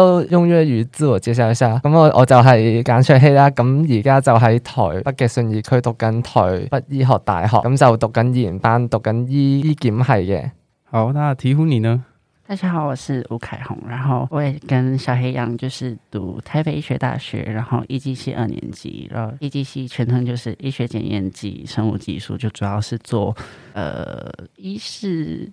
都用一語自我介紹一下，咁我我就係簡卓希啦，咁而家就喺台北嘅信義區讀緊台北醫學大學，咁就讀緊研班，讀緊醫醫檢系嘅。好，那提呼你呢？大家好，我是吳凱紅，然後我也跟小黑一樣就是讀台北醫學大學，然後 e 技 c 二年級，然後醫技系全稱就是醫學檢驗技生物技術，就主要是做，誒、呃，醫事。